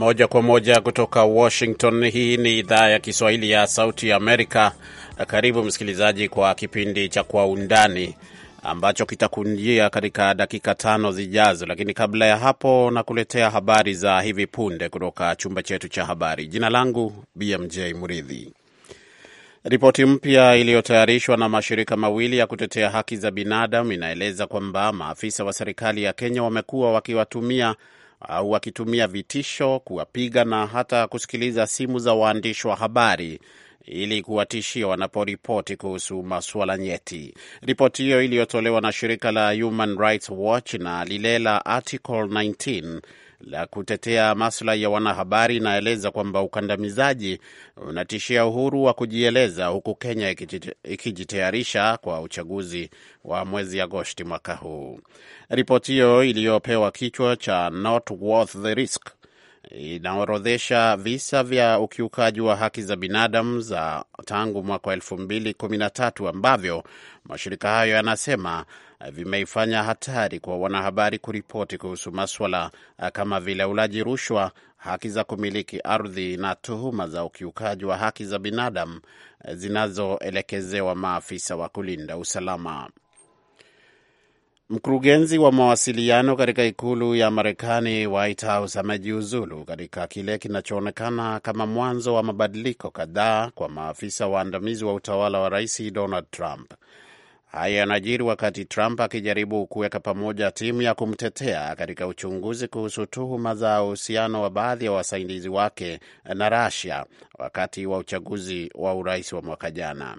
Moja kwa moja kutoka Washington. Hii ni idhaa ya Kiswahili ya Sauti ya Amerika. Karibu msikilizaji kwa kipindi cha Kwa Undani ambacho kitakujia katika dakika tano zijazo, lakini kabla ya hapo, nakuletea habari za hivi punde kutoka chumba chetu cha habari. Jina langu BMJ Muridhi. Ripoti mpya iliyotayarishwa na mashirika mawili ya kutetea haki za binadamu inaeleza kwamba maafisa wa serikali ya Kenya wamekuwa wakiwatumia au wakitumia vitisho, kuwapiga na hata kusikiliza simu za waandishi wa habari ili kuwatishia wanaporipoti kuhusu masuala nyeti. Ripoti hiyo iliyotolewa na shirika la Human Rights Watch na lile la Article 19 la kutetea maslahi ya wanahabari inaeleza kwamba ukandamizaji unatishia uhuru wa kujieleza, huku Kenya ikijitayarisha kwa uchaguzi wa mwezi Agosti mwaka huu. Ripoti hiyo iliyopewa kichwa cha Not Worth the Risk inaorodhesha visa vya ukiukaji wa haki za binadamu za tangu mwaka wa elfu mbili kumi na tatu ambavyo mashirika hayo yanasema vimeifanya hatari kwa wanahabari kuripoti kuhusu maswala eh, kama vile ulaji rushwa, haki za kumiliki ardhi na tuhuma za ukiukaji wa haki za binadamu eh, zinazoelekezewa maafisa wa kulinda usalama. Mkurugenzi wa mawasiliano katika ikulu ya Marekani, White House, amejiuzulu katika kile kinachoonekana kama mwanzo wa mabadiliko kadhaa kwa maafisa waandamizi wa utawala wa Rais Donald Trump. Haya yanajiri wakati Trump akijaribu kuweka pamoja timu ya kumtetea katika uchunguzi kuhusu tuhuma za uhusiano wa baadhi ya wasaidizi wake na Russia wakati wa uchaguzi wa urais wa mwaka jana.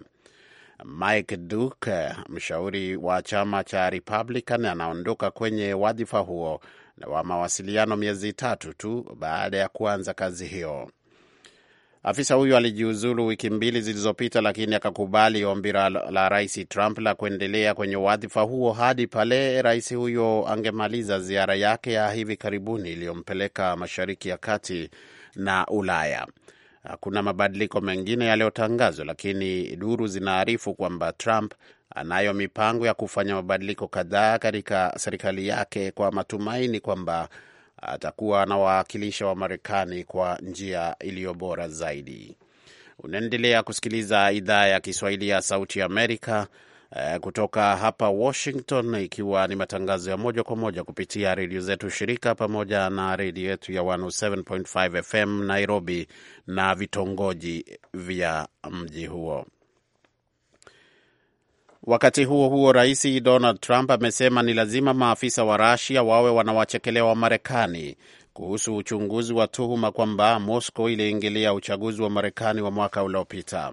Mike Duke, mshauri wa chama cha Republican, anaondoka kwenye wadhifa huo wa mawasiliano miezi tatu tu baada ya kuanza kazi hiyo. Afisa huyo alijiuzulu wiki mbili zilizopita, lakini akakubali ombi la rais Trump la kuendelea kwenye wadhifa huo hadi pale rais huyo angemaliza ziara yake ya hivi karibuni iliyompeleka Mashariki ya Kati na Ulaya. Hakuna mabadiliko mengine yaliyotangazwa, lakini duru zinaarifu kwamba Trump anayo mipango ya kufanya mabadiliko kadhaa katika serikali yake kwa matumaini kwamba atakuwa anawaakilisha wa Marekani kwa njia iliyo bora zaidi. Unaendelea kusikiliza idhaa ya Kiswahili ya Sauti ya Amerika eh, kutoka hapa Washington, ikiwa ni matangazo ya moja kwa moja kupitia redio zetu shirika pamoja na redio yetu ya 107.5 FM Nairobi na vitongoji vya mji huo. Wakati huo huo, rais Donald Trump amesema ni lazima maafisa wa Rasia wawe wanawachekelea wa Marekani kuhusu uchunguzi wa tuhuma kwamba Moscow iliingilia uchaguzi wa Marekani wa mwaka uliopita.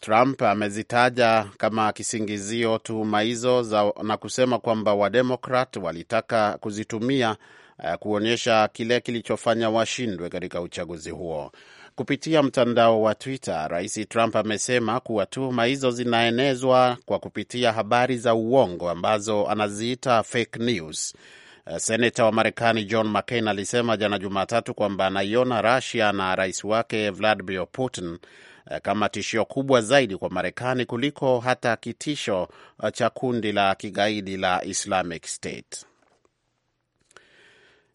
Trump amezitaja kama kisingizio tuhuma hizo na kusema kwamba Wademokrat walitaka kuzitumia uh, kuonyesha kile kilichofanya washindwe katika uchaguzi huo. Kupitia mtandao wa Twitter, Rais Trump amesema kuwa tuhuma hizo zinaenezwa kwa kupitia habari za uongo ambazo anaziita fake news. Eh, Senata wa Marekani John McCain alisema jana Jumatatu kwamba anaiona rasia na rais wake Vladimir Putin eh, kama tishio kubwa zaidi kwa Marekani kuliko hata kitisho eh, cha kundi la kigaidi la Islamic State.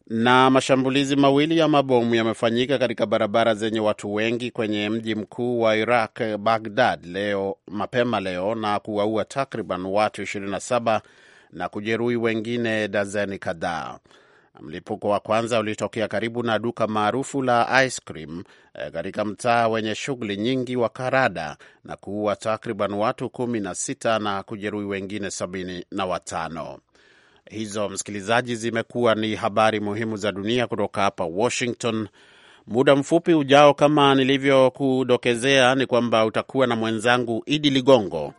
Na mashambulizi mawili ya mabomu yamefanyika katika barabara zenye watu wengi kwenye mji mkuu wa Iraq, Baghdad, leo mapema leo na kuwaua takriban watu 27 na kujeruhi wengine dazeni kadhaa. Mlipuko wa kwanza ulitokea karibu na duka maarufu la ice cream eh, katika mtaa wenye shughuli nyingi wa Karada na kuua takriban watu 16 na na kujeruhi wengine 75. na watano. Hizo msikilizaji, zimekuwa ni habari muhimu za dunia kutoka hapa Washington. Muda mfupi ujao, kama nilivyokudokezea, ni kwamba utakuwa na mwenzangu Idi Ligongo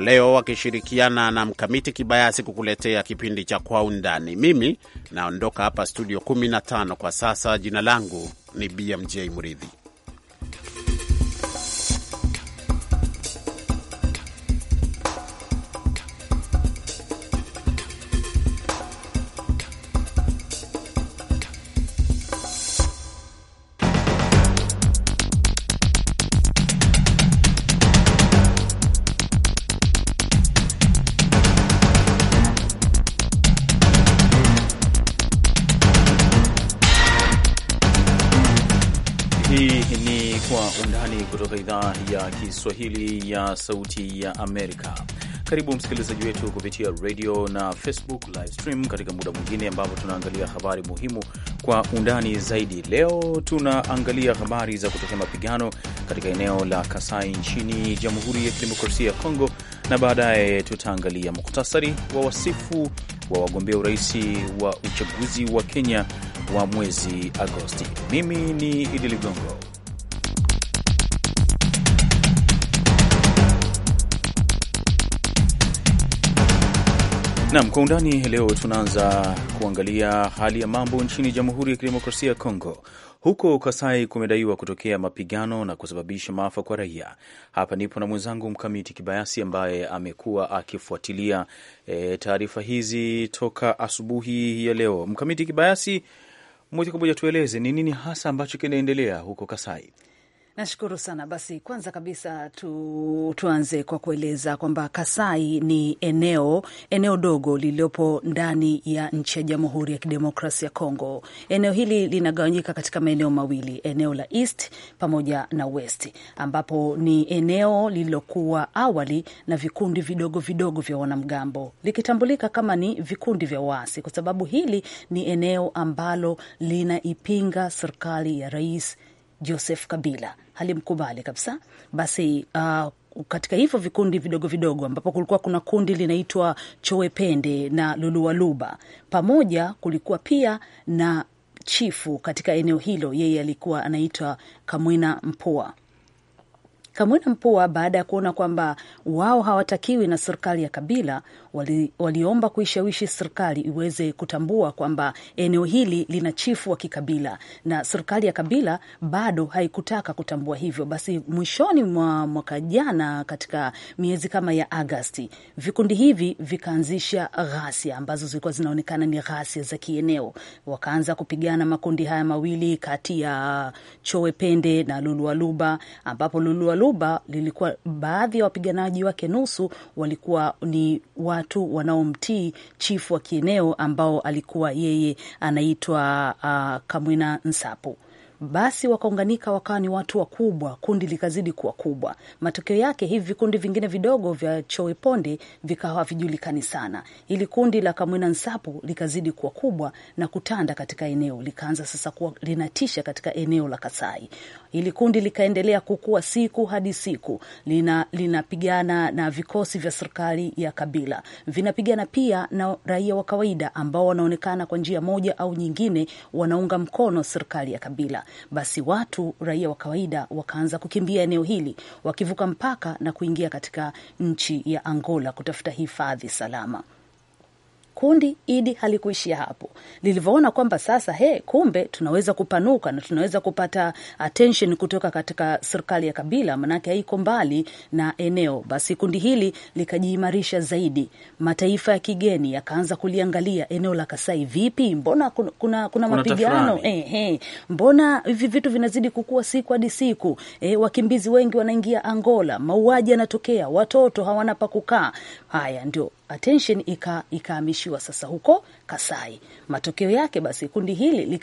leo wakishirikiana na Mkamiti Kibayasi kukuletea kipindi cha Kwa Undani. Mimi naondoka hapa studio 15 kwa sasa. Jina langu ni BMJ Muridhi. Kiswahili ya Sauti ya Amerika. Karibu msikilizaji wetu kupitia radio na Facebook live stream katika muda mwingine ambapo tunaangalia habari muhimu kwa undani zaidi. Leo tunaangalia habari za kutokea mapigano katika eneo la Kasai nchini Jamhuri ya Kidemokrasia ya Kongo, na baadaye tutaangalia muktasari wa wasifu wa wagombea urais wa uchaguzi wa Kenya wa mwezi Agosti. Mimi ni Idi Ligongo. Nam kwa undani leo tunaanza kuangalia hali ya mambo nchini Jamhuri ya Kidemokrasia ya Kongo. Huko Kasai kumedaiwa kutokea mapigano na kusababisha maafa kwa raia. Hapa nipo na mwenzangu Mkamiti Kibayasi ambaye amekuwa akifuatilia e, taarifa hizi toka asubuhi ya leo. Mkamiti Kibayasi, moja kwa moja tueleze ni nini hasa ambacho kinaendelea huko Kasai? Nashukuru sana. Basi kwanza kabisa tu, tuanze kwa kueleza kwamba Kasai ni eneo eneo dogo lililopo ndani ya nchi ya Jamhuri ya Kidemokrasia ya Kongo. Eneo hili linagawanyika katika maeneo mawili, eneo la East pamoja na West, ambapo ni eneo lililokuwa awali na vikundi vidogo vidogo vya wanamgambo likitambulika kama ni vikundi vya waasi, kwa sababu hili ni eneo ambalo linaipinga serikali ya Rais Joseph Kabila halimkubali kabisa. Basi uh, katika hivyo vikundi vidogo vidogo ambapo kulikuwa kuna kundi linaitwa Chowepende na Luluwaluba, pamoja kulikuwa pia na chifu katika eneo hilo, yeye alikuwa anaitwa Kamwina Mpoa Kamwina Mpua, baada ya kuona kwamba wao hawatakiwi na serikali ya Kabila, wali, waliomba kuishawishi serikali iweze kutambua kwamba eneo hili lina chifu wa kikabila, na serikali ya Kabila bado haikutaka kutambua hivyo. Basi mwishoni mwa mwaka jana, katika miezi kama ya Agasti, vikundi hivi vikaanzisha ghasia ambazo zilikuwa zinaonekana ni ghasia za kieneo. Wakaanza kupigana makundi haya mawili kati ya Chowepende na Lulualuba, ambapo Lulualuba Ghuba lilikuwa baadhi ya wapiganaji wake nusu walikuwa ni watu wanaomtii chifu wa kieneo ambao alikuwa yeye anaitwa uh, Kamwina Nsapu basi wakaunganika wakawa ni watu wakubwa, kundi likazidi kuwa kubwa. Matokeo yake hivi vikundi vingine vidogo vya Choiponde vikawa havijulikani sana. Hili kundi la Kamwina Nsapu likazidi kuwa kubwa na kutanda katika eneo, likaanza sasa kuwa linatisha katika eneo la Kasai. Hili kundi likaendelea kukua siku hadi siku, linapigana lina na vikosi vya serikali ya Kabila, vinapigana pia na raia wa kawaida ambao wanaonekana kwa njia moja au nyingine wanaunga mkono serikali ya Kabila basi watu raia wa kawaida wakaanza kukimbia eneo hili wakivuka mpaka na kuingia katika nchi ya Angola kutafuta hifadhi salama kundi Idi halikuishia hapo, lilivyoona kwamba sasa, he, kumbe tunaweza kupanuka na tunaweza kupata attention kutoka katika serikali ya Kabila, manake haiko mbali na eneo, basi kundi hili likajiimarisha zaidi. Mataifa ya kigeni yakaanza kuliangalia eneo la Kasai, vipi, mbona kuna, kuna, kuna mapigano eh, eh, mbona hivi vitu vinazidi kukua siku hadi siku eh, wakimbizi wengi wanaingia Angola, mauaji yanatokea, watoto hawana pa kukaa. Haya ndio attention ikahamishiwa ika sasa huko Kasai. Matokeo yake basi kundi hili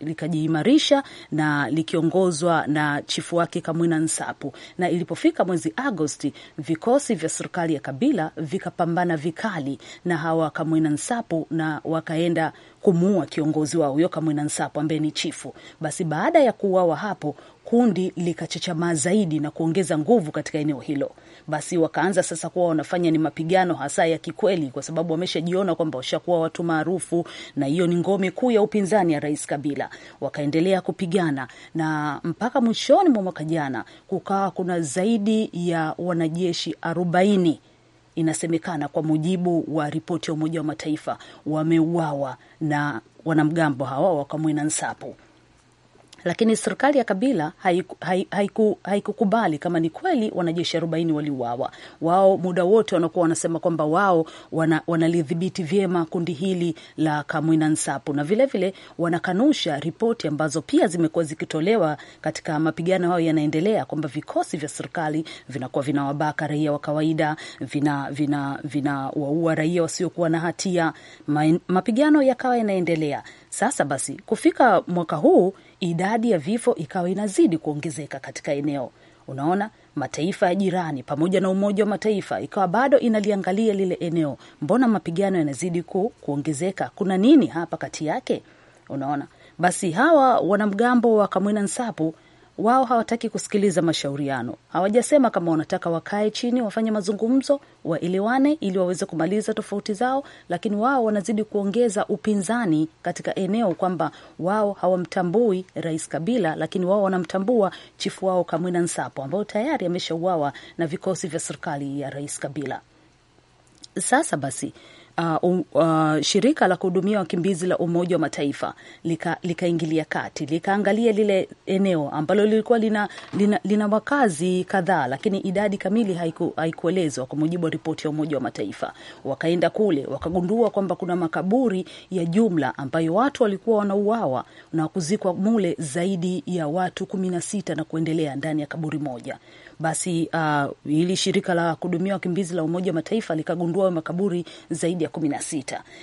likajiimarisha lika na likiongozwa na chifu wake Kamwina Nsapu, na ilipofika mwezi Agosti vikosi vya serikali ya Kabila vikapambana vikali na hawa Kamwina Nsapu na wakaenda kumuua kiongozi wao huyo Kamwina Nsapu ambaye ni chifu. Basi baada ya kuuawa hapo kundi likachechamaa zaidi na kuongeza nguvu katika eneo hilo. Basi wakaanza sasa kuwa wanafanya ni mapigano hasa ya kikweli, kwa sababu wameshajiona kwamba washakuwa watu maarufu, na hiyo ni ngome kuu ya upinzani ya Rais Kabila. Wakaendelea kupigana na mpaka mwishoni mwa mwaka jana kukawa kuna zaidi ya wanajeshi arobaini inasemekana kwa mujibu wa ripoti ya Umoja wa Mataifa wameuawa na wanamgambo hawa wa Kamwina Nsapu lakini serikali ya Kabila haikukubali haiku, haiku kama ni kweli wanajeshi arobaini waliuawa. Wao muda wote wanakuwa wanasema kwamba wao wanalidhibiti vyema kundi hili la Kamwina Nsapu, na vilevile vile, wanakanusha ripoti ambazo pia zimekuwa zikitolewa katika mapigano hayo yanaendelea, kwamba vikosi vya serikali vinakuwa vinawabaka raia wa kawaida, vinawaua vina, vina raia wasiokuwa na hatia. Mapigano yakawa yanaendelea. Sasa basi kufika mwaka huu idadi ya vifo ikawa inazidi kuongezeka katika eneo. Unaona, mataifa ya jirani pamoja na Umoja wa Mataifa ikawa bado inaliangalia lile eneo, mbona mapigano yanazidi ku, kuongezeka? Kuna nini hapa kati yake? Unaona, basi hawa wanamgambo wa Kamwina Nsapu wao hawataki kusikiliza mashauriano. Hawajasema kama wanataka wakae chini wafanye mazungumzo, waelewane ili waweze kumaliza tofauti zao, lakini wao wanazidi kuongeza upinzani katika eneo kwamba wao hawamtambui Rais Kabila, lakini wao wanamtambua chifu wao Kamwina Nsapo ambayo tayari ameshauawa na vikosi vya serikali ya Rais Kabila. Sasa basi uh, um, uh, shirika la kuhudumia wakimbizi la Umoja wa Mataifa likaingilia lika kati likaangalia lile eneo ambalo lilikuwa lina, lina, lina wakazi kadhaa, lakini idadi kamili haiku, haikuelezwa kwa mujibu wa ripoti ya Umoja wa Mataifa. Wakaenda kule wakagundua kwamba kuna makaburi ya jumla ambayo watu walikuwa wanauawa na kuzikwa mule zaidi ya watu kumi na sita na kuendelea ndani ya kaburi moja. Basi uh, hili shirika la kuhudumia wakimbizi la Umoja wa Mataifa likagundua makaburi zaidi kumi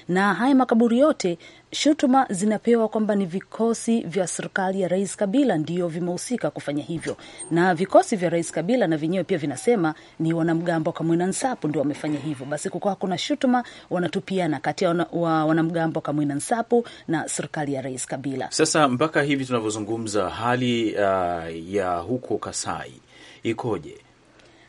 na haya makaburi yote shutuma zinapewa kwamba ni vikosi vya serikali ya Rais Kabila ndio vimehusika kufanya hivyo, na vikosi vya Rais Kabila na vyenyewe pia vinasema ni wanamgambo wa Kamwina Nsapu ndio wamefanya hivyo. Basi kukawa kuna shutuma wanatupiana kati ya wa wanamgambo wa Kamwina Nsapu na serikali ya Rais Kabila. Sasa mpaka hivi tunavyozungumza, hali uh, ya huko Kasai ikoje?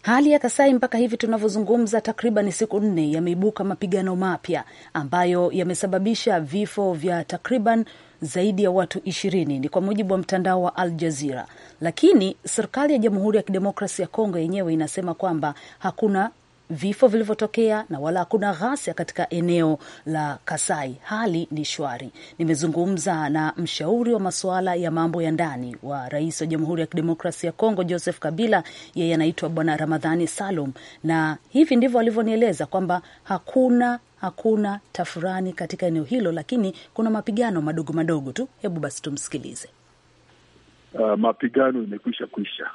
Hali ya Kasai mpaka hivi tunavyozungumza, takriban siku nne, yameibuka mapigano mapya ambayo yamesababisha vifo vya takriban zaidi ya watu ishirini, ni kwa mujibu wa mtandao wa Al Jazira. Lakini serikali ya Jamhuri ya Kidemokrasi ya Kongo yenyewe inasema kwamba hakuna vifo vilivyotokea na wala hakuna ghasia katika eneo la Kasai. Hali ni shwari. Nimezungumza na mshauri wa masuala ya mambo ya ndani wa rais wa Jamhuri ya Kidemokrasia ya Kongo Joseph Kabila, yeye anaitwa Bwana Ramadhani Salum, na hivi ndivyo alivyonieleza kwamba hakuna hakuna tafurani katika eneo hilo, lakini kuna mapigano madogo madogo tu. Hebu basi tumsikilize. Uh, mapigano imekwisha kwisha,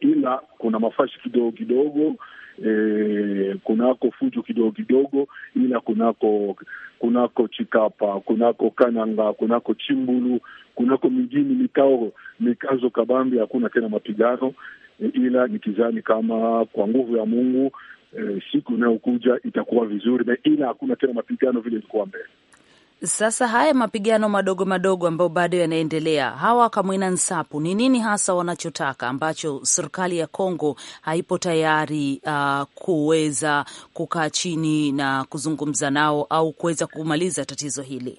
ila kuna mafashi kidogo kidogo e, kunako fujo kidogo kidogo, ila kunako kunako Chikapa, kunako Kananga, kunako Chimbulu, kunako mijini mikao mikazo kabambi hakuna tena mapigano e, ila nikizani kama kwa nguvu ya Mungu e, siku inayokuja itakuwa vizuri na ila hakuna tena mapigano vile ilikuwa mbele. Sasa haya mapigano madogo madogo ambayo bado yanaendelea, hawa Kamwina Nsapu, ni nini hasa wanachotaka ambacho serikali ya Kongo haipo tayari uh, kuweza kukaa chini na kuzungumza nao au kuweza kumaliza tatizo hili?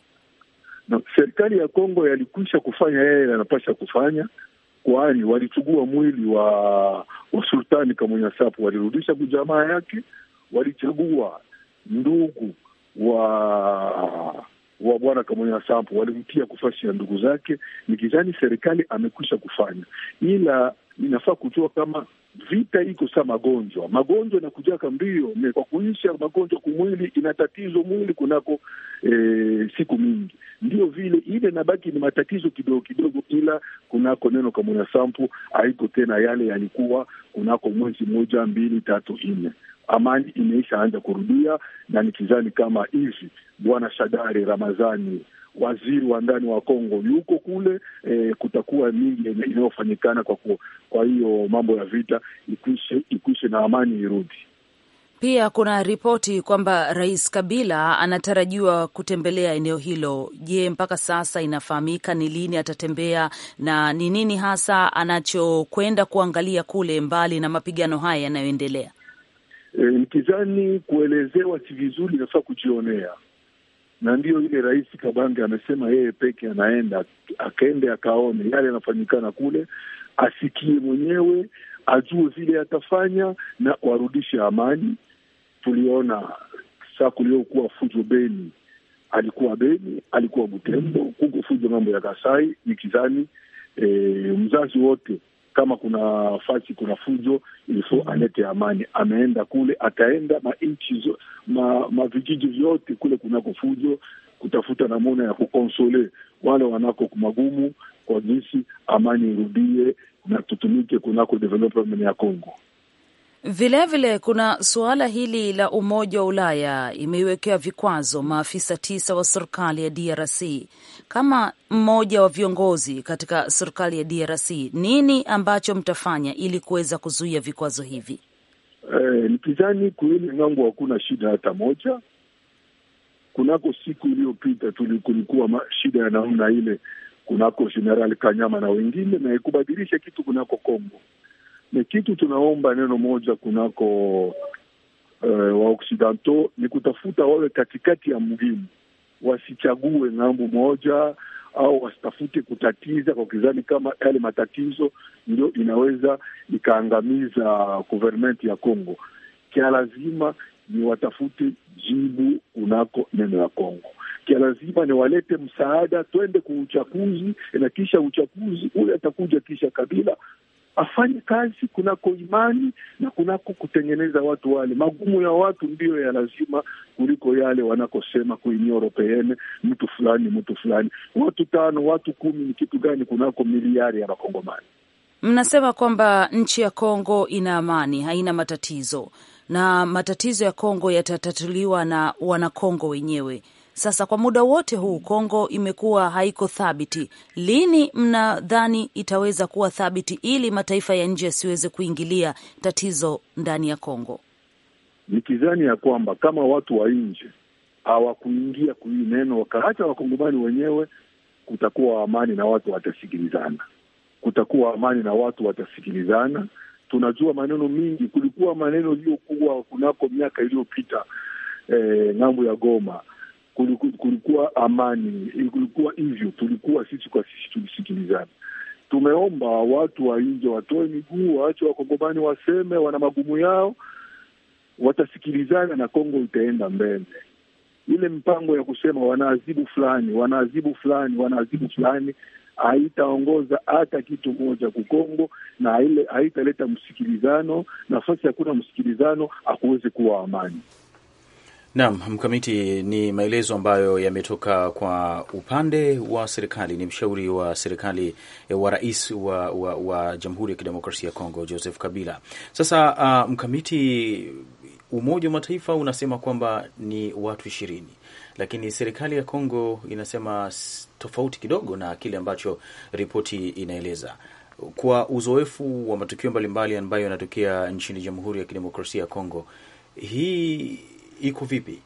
No, serikali ya Kongo yalikwisha kufanya yeye yanapasha kufanya, kwani walichugua mwili wa, wa Sultani Kamwina Nsapu, walirudisha kujamaa yake, walichagua ndugu wa wa bwana Kamonyi Sampo walimtia kufasi ya ndugu zake, nikizani serikali amekwisha kufanya, ila inafaa kujua kama vita iko saa magonjwa, magonjwa inakujaka mbio ne, kwa kuisha magonjwa kumwili ina tatizo mwili kunako e, siku mingi, ndio vile ile nabaki ni matatizo kidogo kidogo, ila kunako neno Kamonyi Sampo haiko tena yale yalikuwa kunako mwezi moja mbili tatu nne amani imeishaanza kurudia, na nikizani kama hivi Bwana Shadari ramadhani waziri wa ndani wa Kongo yuko kule. E, kutakuwa mingi inayofanyikana kwa, kwa hiyo mambo ya vita ikwishe, ikwishe na amani irudi. Pia kuna ripoti kwamba Rais Kabila anatarajiwa kutembelea eneo hilo. Je, mpaka sasa inafahamika ni lini atatembea na ni nini hasa anachokwenda kuangalia kule, mbali na mapigano haya yanayoendelea? e, eh, mkizani kuelezewa si vizuri, inafaa kujionea, na ndiyo ile Rais Kabange amesema yeye peke anaenda akaende akaone yale yanafanyikana kule, asikie mwenyewe, ajue vile atafanya na warudishe amani. Tuliona saa kuliokuwa fujo Beni, alikuwa Beni, alikuwa Butembo, kuko fujo mambo ya Kasai nikizani e, eh, mzazi wote kama kuna fasi, kuna fujo, ilifo mhm. alete amani. Ameenda kule, ataenda manchi ma, vijiji vyote kule kunako fujo, kutafuta namuna ya kukonsole wale wanako magumu, kwa jinsi amani irudie na tutumike kunako development ya Congo. Vilevile vile, kuna suala hili la Umoja wa Ulaya imeiwekea vikwazo maafisa tisa wa serikali ya DRC. Kama mmoja wa viongozi katika serikali ya DRC, nini ambacho mtafanya ili kuweza kuzuia vikwazo hivi? nikizani eh, nikizani kuili ng'angu hakuna shida hata moja. Kunako siku iliyopita kulikuwa shida ya namna ile kunako General Kanyama na wengine, na ikubadilisha kitu kunako Kongo ni kitu tunaomba neno moja kunako uh, eh, waoksidantaux ni kutafuta wawe katikati ya muhimu, wasichague ng'ambo moja au wasitafute kutatiza kwa kizani kama yale matatizo ndio inaweza ikaangamiza government ya Congo. Kia lazima ni watafute jibu kunako neno ya congo Kia lazima ni walete msaada, twende kwa uchaguzi, na kisha uchaguzi ule atakuja kisha kabila afanye kazi kunako imani na kunako kutengeneza watu wale. Magumu ya watu ndiyo ya lazima kuliko yale wanakosema kuinio europeene, mtu fulani mtu fulani, watu tano, watu kumi, ni kitu gani kunako miliari ya Makongomani? Mnasema kwamba nchi ya Kongo ina amani, haina matatizo, na matatizo ya Kongo yatatatuliwa na Wanakongo wenyewe. Sasa kwa muda wote huu Kongo imekuwa haiko thabiti. Lini mnadhani itaweza kuwa thabiti ili mataifa ya nje yasiweze kuingilia tatizo ndani ya Kongo? kizani ya kwamba kama watu wa nje hawakuingia kui neno wakaacha wakongomani wenyewe, kutakuwa amani na watu watasikilizana, kutakuwa amani na watu watasikilizana. Tunajua maneno mingi, kulikuwa maneno iliyokuwa kunako miaka iliyopita eh, ng'ambo ya Goma kulikuwa amani, kulikuwa hivyo, tulikuwa sisi kwa sisi tulisikilizana. Tumeomba watu wa nje watoe miguu, waache wakongomani waseme wana magumu yao, watasikilizana na Kongo itaenda mbele. Ile mpango ya kusema wanaazibu fulani, wanaazibu fulani, wanaazibu fulani haitaongoza hata kitu moja kukongo na haitaleta msikilizano. Nafasi hakuna msikilizano, hakuwezi kuwa amani. Naam, mkamiti ni maelezo ambayo yametoka kwa upande wa serikali. Ni mshauri wa serikali eh, wa rais wa, wa, wa Jamhuri ya Kidemokrasia ya Kongo Joseph Kabila. Sasa uh, mkamiti, Umoja wa Mataifa unasema kwamba ni watu ishirini lakini serikali ya Kongo inasema tofauti kidogo na kile ambacho ripoti inaeleza. Kwa uzoefu wa matukio mbalimbali ambayo yanatokea nchini Jamhuri ya Kidemokrasia ya Kongo, hii iko vipi?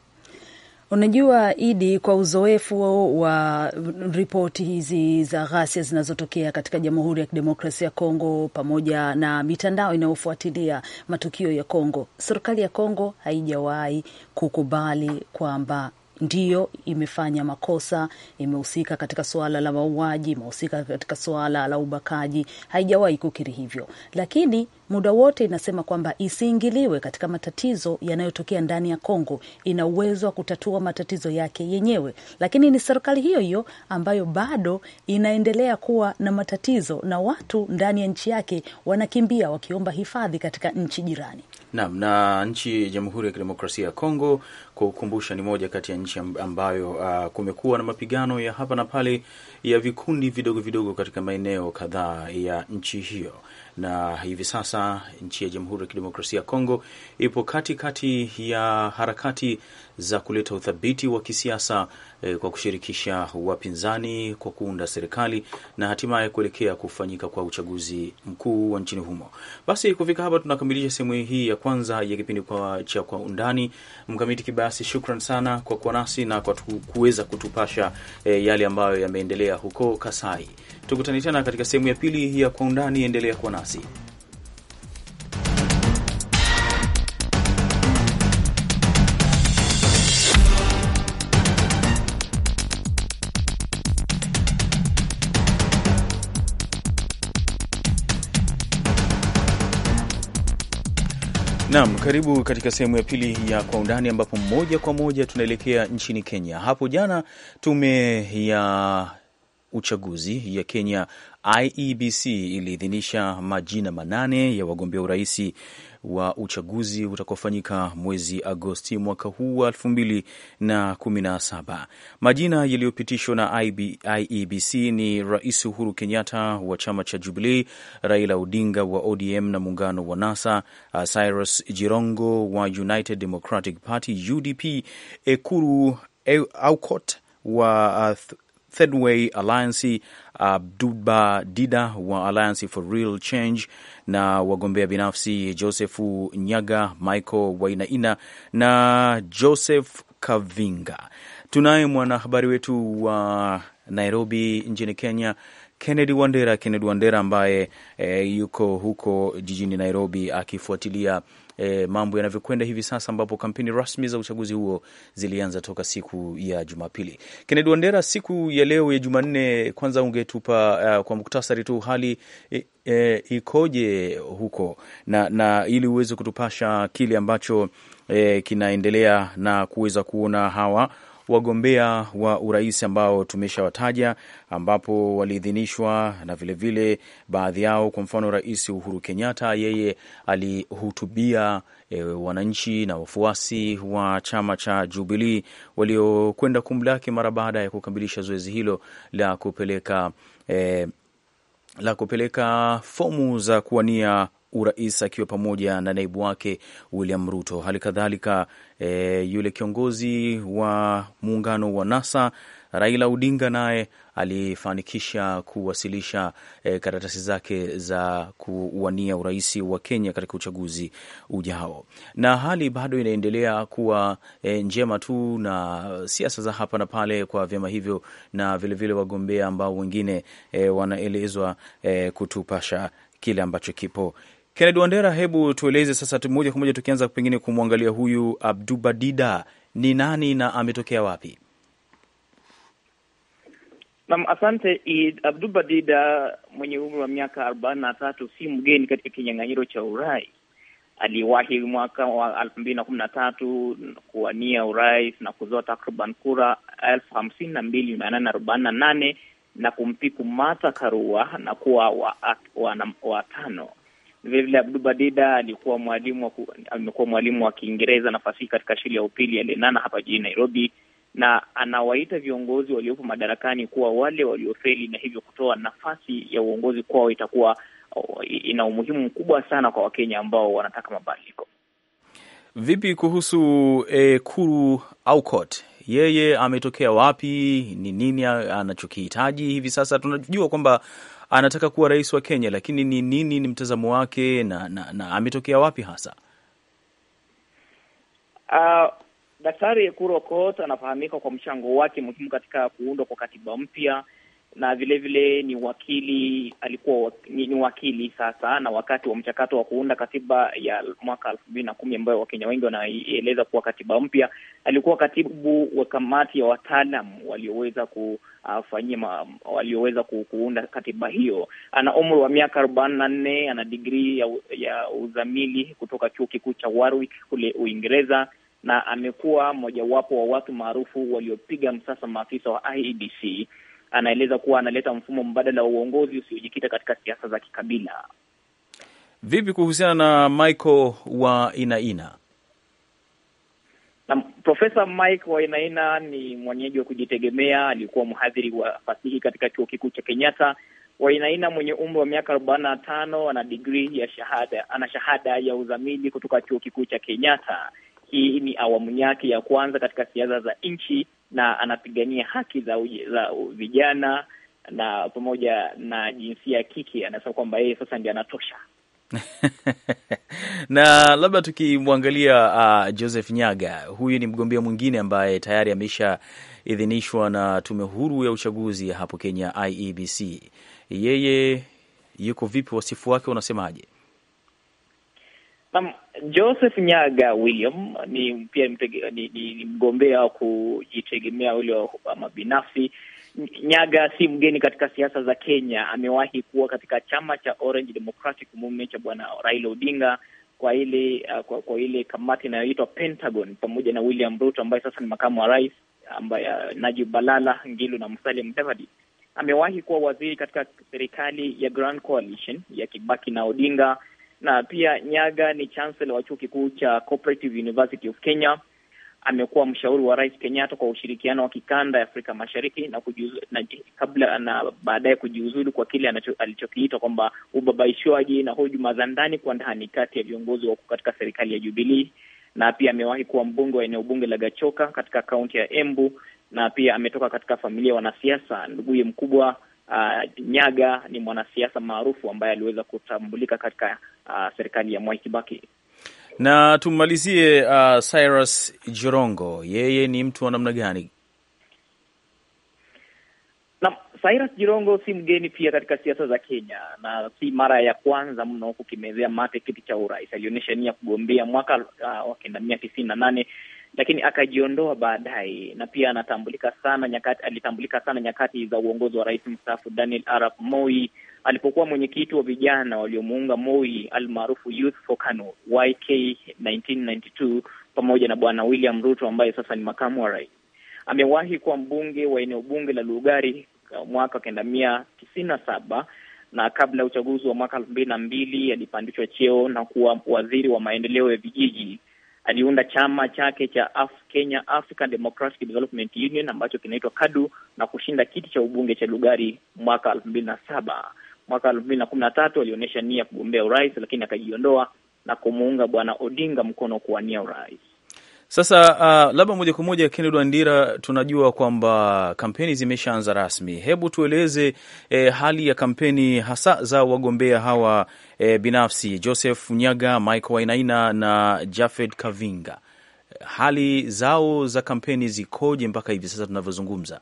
Unajua Idi, kwa uzoefu wa ripoti hizi za ghasia zinazotokea katika Jamhuri ya Kidemokrasia ya Kongo pamoja na mitandao inayofuatilia matukio ya Kongo, serikali ya Kongo haijawahi kukubali kwamba ndiyo imefanya makosa, imehusika katika suala la mauaji, imehusika katika suala la ubakaji, haijawahi kukiri hivyo, lakini muda wote inasema kwamba isiingiliwe katika matatizo yanayotokea ndani ya Kongo. Ina uwezo wa kutatua matatizo yake yenyewe, lakini ni serikali hiyo hiyo ambayo bado inaendelea kuwa na matatizo na watu ndani ya nchi yake wanakimbia wakiomba hifadhi katika nchi jirani. Naam, na nchi ya Jamhuri ya Kidemokrasia ya Kongo, kwa kukumbusha, ni moja kati ya nchi ambayo uh, kumekuwa na mapigano ya hapa na pale ya vikundi vidogo vidogo katika maeneo kadhaa ya nchi hiyo, na hivi sasa nchi ya Jamhuri ya Kidemokrasia ya Kongo ipo katikati kati ya harakati za kuleta uthabiti wa kisiasa e, kwa kushirikisha wapinzani kwa kuunda serikali na hatimaye kuelekea kufanyika kwa uchaguzi mkuu wa nchini humo. Basi kufika hapa tunakamilisha sehemu hii ya kwanza ya kipindi kwa cha kwa undani. Mkamiti Kibayasi, shukran sana kwa kuwa nasi na kwa kuweza kutupasha e, yale ambayo yameendelea kuendelea huko Kasai. Tukutane tena katika sehemu ya pili ya Kwa Undani. Endelea kuwa nasi. Naam, karibu katika sehemu ya pili ya kwa undani ambapo moja kwa moja tunaelekea nchini Kenya. Hapo jana tume ya uchaguzi ya Kenya IEBC iliidhinisha majina manane ya wagombea urais wa uchaguzi utakaofanyika mwezi Agosti mwaka huu wa 2017. Majina yaliyopitishwa na IEBC ni Rais Uhuru Kenyatta wa chama cha Jubilee, Raila Odinga wa ODM na muungano wa NASA, Cyrus Jirongo wa United Democratic Party UDP, Ekuru Aukot wa uh, Thirdway Alliance, Abduba Dida wa Alliance for Real Change na wagombea binafsi Josefu Nyaga, Michael Wainaina na Joseph Kavinga. Tunaye mwanahabari wetu wa Nairobi nchini Kenya, Kennedy Wandera. Kennedy Wandera ambaye e, yuko huko jijini Nairobi akifuatilia e, mambo yanavyokwenda hivi sasa, ambapo kampeni rasmi za uchaguzi huo zilianza toka siku ya Jumapili. Kennedy Wandera, siku ya leo ya Jumanne, kwanza ungetupa uh, kwa muktasari tu hali e, e, ikoje huko na, na ili uweze kutupasha kile ambacho e, kinaendelea na kuweza kuona hawa wagombea wa urais ambao tumeshawataja, ambapo waliidhinishwa na vilevile baadhi yao. Kwa mfano, Rais Uhuru Kenyatta yeye alihutubia E, wananchi na wafuasi wa chama cha jubilii waliokwenda kumlaki mara baada ya kukamilisha zoezi hilo la kupeleka e, la kupeleka fomu za kuwania urais akiwa pamoja na naibu wake William Ruto. Hali kadhalika e, yule kiongozi wa muungano wa NASA Raila Odinga naye alifanikisha kuwasilisha e, karatasi zake za kuwania urais wa Kenya katika uchaguzi ujao, na hali bado inaendelea kuwa e, njema tu, na siasa za hapa na pale kwa vyama hivyo na vilevile wagombea ambao wengine e, wanaelezwa e, kutupasha kile ambacho kipo Kennedy Wandera, hebu tueleze sasa moja kwa moja, tukianza pengine kumwangalia huyu Abdubadida ni nani na ametokea wapi? Naam, asante Eid. Abdubadida mwenye umri wa miaka arobaini na tatu si mgeni katika kinyang'anyiro cha urais. Aliwahi mwaka wa elfu mbili na kumi na tatu kuwania urais na kuzoa takriban kura elfu hamsini na mbili mia nane arobaini na nane na kumpiku Mata Karua na kuwa wa, wa, wa, wa tano Vilevile Abdu Badida alikuwa mwalimu amekuwa mwalimu wa Kiingereza na fasihi katika shule ya upili ya Lenana hapa jijini Nairobi, na anawaita viongozi waliopo madarakani kuwa wale waliofeli, na hivyo kutoa nafasi ya uongozi kwao itakuwa oh, ina umuhimu mkubwa sana kwa Wakenya ambao wanataka mabadiliko. Vipi kuhusu eh, Kuru Aukot? Yeye ametokea wapi? Ni nini anachokihitaji hivi sasa? Tunajua kwamba anataka kuwa rais wa Kenya, lakini ni nini, ni mtazamo wake na, na, na ametokea wapi hasa? Uh, Daktari Ekuru Aukot anafahamika kwa mchango wake muhimu katika kuundwa kwa katiba mpya na vilevile vile ni wakili alikuwa ni, ni wakili sasa, na wakati wa mchakato wa kuunda katiba ya mwaka elfu mbili na kumi ambayo Wakenya wengi wanaieleza kuwa katiba mpya, alikuwa katibu wa kamati ya wataalam walioweza kufanyia walioweza kuunda katiba hiyo. Ana umri wa miaka arobaini na nne, ana digrii ya, ya uzamili kutoka chuo kikuu cha Warwick kule Uingereza na amekuwa mojawapo wa watu maarufu waliopiga msasa maafisa wa IEBC anaeleza kuwa analeta mfumo mbadala wa uongozi usiojikita katika siasa za kikabila. Vipi kuhusiana na Michael wa Inaina? Na Profesa Mike Wainaina ni mwenyeji wa kujitegemea, alikuwa mhadhiri wa fasihi katika chuo kikuu cha Kenyatta. Wainaina mwenye umri wa miaka arobaini na tano ana digrii ya shahada, ana shahada ya uzamili kutoka chuo kikuu cha Kenyatta. Hii ni awamu yake ya kwanza katika siasa za nchi, na anapigania haki za, za vijana na pamoja na jinsia ya kike. Anasema kwamba yeye sasa ndio anatosha. na labda tukimwangalia uh, Joseph Nyaga, huyu ni mgombea mwingine ambaye tayari ameshaidhinishwa na tume huru ya uchaguzi hapo Kenya, IEBC. Yeye yuko vipi? Wasifu wake unasemaje Naam, Joseph Nyaga William ni pia ni, ni mgombea wa kujitegemea ule wa binafsi. Nyaga si mgeni katika siasa za Kenya, amewahi kuwa katika chama cha Orange Democratic Movement cha bwana Raila Odinga kwa ile kwa, kwa ile kamati inayoitwa Pentagon pamoja na William Ruto ambaye sasa ni makamu wa rais, ambaye uh, Najib Balala Ngilu na Musalia Mudavadi. Amewahi kuwa waziri katika serikali ya Grand Coalition ya Kibaki na Odinga na pia Nyaga ni chancellor wa chuo kikuu cha Cooperative University of Kenya. Amekuwa mshauri wa Rais Kenyatta kwa ushirikiano wa kikanda ya Afrika Mashariki na na kabla na baadaye kujiuzulu kwa kile alichokiita kwamba ubabaishwaji na hujuma za ndani kwa ndani kati ya viongozi wakuu katika serikali ya Jubilee, na pia amewahi kuwa mbunge wa eneo bunge la Gachoka katika kaunti ya Embu, na pia ametoka katika familia ya wanasiasa. Nduguye mkubwa uh, Nyaga ni mwanasiasa maarufu ambaye aliweza kutambulika katika uh, serikali ya Mwai Kibaki. Na tumalizie uh, Cyrus Jirongo, yeye ni mtu wa namna gani? Na Cyrus Jirongo si mgeni pia katika siasa za Kenya, na si mara ya kwanza mno kukimezea mate kiti cha urais. Alionyesha nia kugombea mwaka uh, wa kenda mia tisini na nane lakini akajiondoa baadaye, na pia anatambulika sana nyakati, alitambulika sana nyakati za uongozi wa rais mstaafu Daniel Arap Moi alipokuwa mwenyekiti wa vijana waliomuunga Moi almaarufu Youth for KANU YK 1992 pamoja na bwana William Ruto ambaye sasa ni makamu wa rais. Amewahi kuwa mbunge wa eneo bunge la Lugari mwaka kenda mia tisini na saba na kabla ya uchaguzi wa mwaka elfu mbili na mbili alipandishwa cheo na kuwa waziri wa maendeleo ya vijiji aliunda chama chake cha Af Kenya African Democratic Development Union ambacho kinaitwa KADU na kushinda kiti cha ubunge cha Lugari mwaka elfu mbili na saba. Mwaka elfu mbili na kumi na tatu alionyesha nia kugombea urais, lakini akajiondoa na kumuunga bwana Odinga mkono kuwania urais. Sasa uh, labda moja kwa moja Kennedy Wandira, tunajua kwamba kampeni zimeshaanza rasmi. Hebu tueleze eh, hali ya kampeni hasa za wagombea hawa eh, binafsi Joseph Nyaga, Michael Wainaina na Jafed Kavinga, hali zao za kampeni zikoje mpaka hivi sasa tunavyozungumza?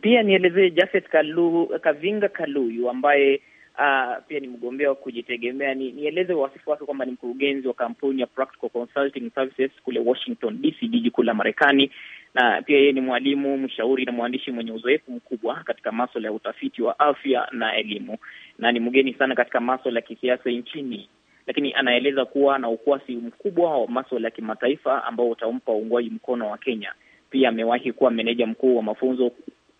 Pia nielezee Jafet Kalu, Kavinga Kaluyu ambaye uh, pia ni mgombea wa kujitegemea. Ni nieleze wasifu wake kwamba ni mkurugenzi wa kampuni ya Practical Consulting Services kule Washington DC, jiji kuu la Marekani, na pia yeye ni mwalimu, mshauri na mwandishi mwenye uzoefu mkubwa katika maswala ya utafiti wa afya na elimu, na ni mgeni sana katika maswala ya kisiasa nchini lakini anaeleza kuwa na ukwasi mkubwa wa maswala ya kimataifa ambao utampa uungwaji mkono wa Kenya. Pia amewahi kuwa meneja mkuu wa mafunzo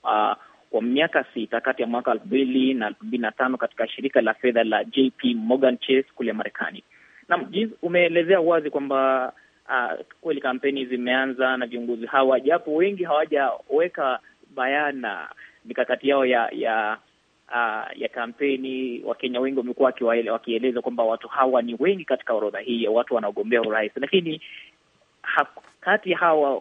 uh, kwa miaka sita kati ya mwaka elfu mbili na elfu mbili na tano katika shirika la fedha la JP Morgan Chase kule Marekani. Naam, umeelezea wazi kwamba uh, kweli kampeni zimeanza na viongozi hawa, japo wengi hawajaweka bayana mikakati yao ya ya uh, ya kampeni. Wakenya wengi wamekuwa wakieleza kwamba watu hawa ni wengi katika orodha hii ya watu wanaogombea urais, lakini kati ya hawa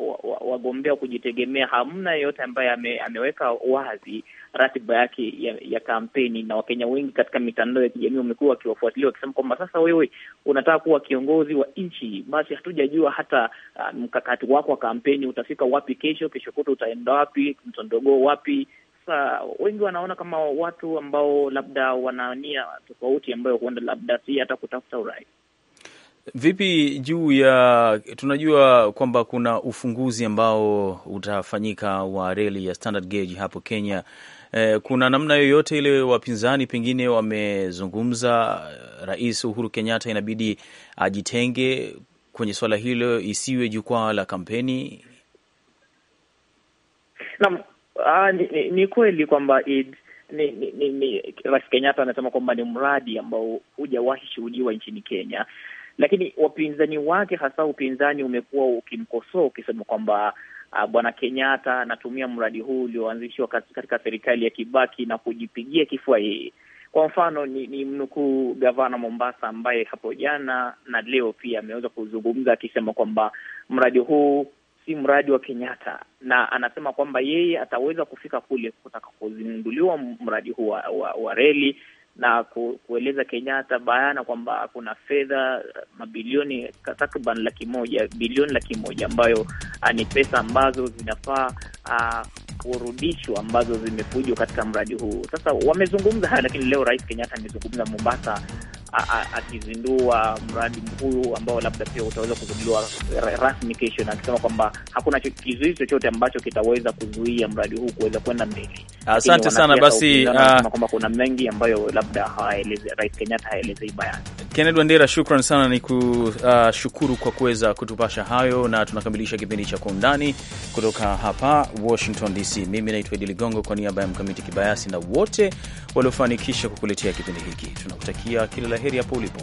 wagombea wa, wa kujitegemea hamna yeyote ambaye ame, ameweka wazi ratiba yake ya, ya kampeni, na Wakenya wengi katika mitandao ya kijamii wamekuwa wakiwafuatilia wakisema kwamba sasa wewe unataka kuwa kiongozi wa nchi, basi hatujajua hata uh, mkakati wako wa kampeni utafika wapi, kesho kesho kuto utaenda wapi, mtondogoo wapi? Sasa wengi wanaona kama watu ambao labda wanania tofauti ambayo huenda labda si hata kutafuta urais. Vipi juu ya, tunajua kwamba kuna ufunguzi ambao utafanyika wa reli ya standard gauge hapo Kenya. Eh, kuna namna yoyote ile wapinzani pengine wamezungumza, eh, Rais Uhuru Kenyatta inabidi ajitenge kwenye swala hilo, isiwe jukwaa la kampeni? Naam, ah, ni, ni, ni kweli kwamba ni, ni, ni, Rais Kenyatta anasema kwamba ni mradi ambao hujawahi shuhudiwa nchini Kenya lakini wapinzani wake hasa upinzani umekuwa ukimkosoa ukisema kwamba ah, bwana Kenyatta anatumia mradi huu ulioanzishwa katika serikali ya Kibaki na kujipigia kifua yeye. Kwa mfano ni, ni mnukuu gavana Mombasa ambaye hapo jana na leo pia ameweza kuzungumza akisema kwamba mradi huu si mradi wa Kenyatta, na anasema kwamba yeye ataweza kufika kule kutaka kuzinduliwa mradi huu wa, wa, wa reli na kueleza Kenyatta bayana kwamba kuna fedha mabilioni takriban laki moja bilioni laki moja ambayo ah, ni pesa ambazo zinafaa ah, kurudishwa ambazo zimefujwa katika mradi huu. Sasa wamezungumza haya, lakini leo Rais Kenyatta amezungumza Mombasa akizindua mradi mkuu ambao labda pia utaweza kuzinduliwa rasmi kesho, na akisema kwamba hakuna kizuizi chochote ambacho kitaweza kuzuia mradi huu kuweza kwenda mbele. Asante sana. Basi ah, kwamba kuna mengi ambayo labda hawaelezi, Rais Kenyatta haelezei bayani. Kennedy Wandera, shukran sana, ni kushukuru ah, uh, kwa kuweza kutupasha hayo, na tunakamilisha kipindi cha Kwa Undani kutoka hapa Washington DC. Mimi naitwa Idi Ligongo kwa niaba ya Mkamiti Kibayasi na wote waliofanikisha kukuletea kipindi hiki, tunakutakia kila la Heria Pólipo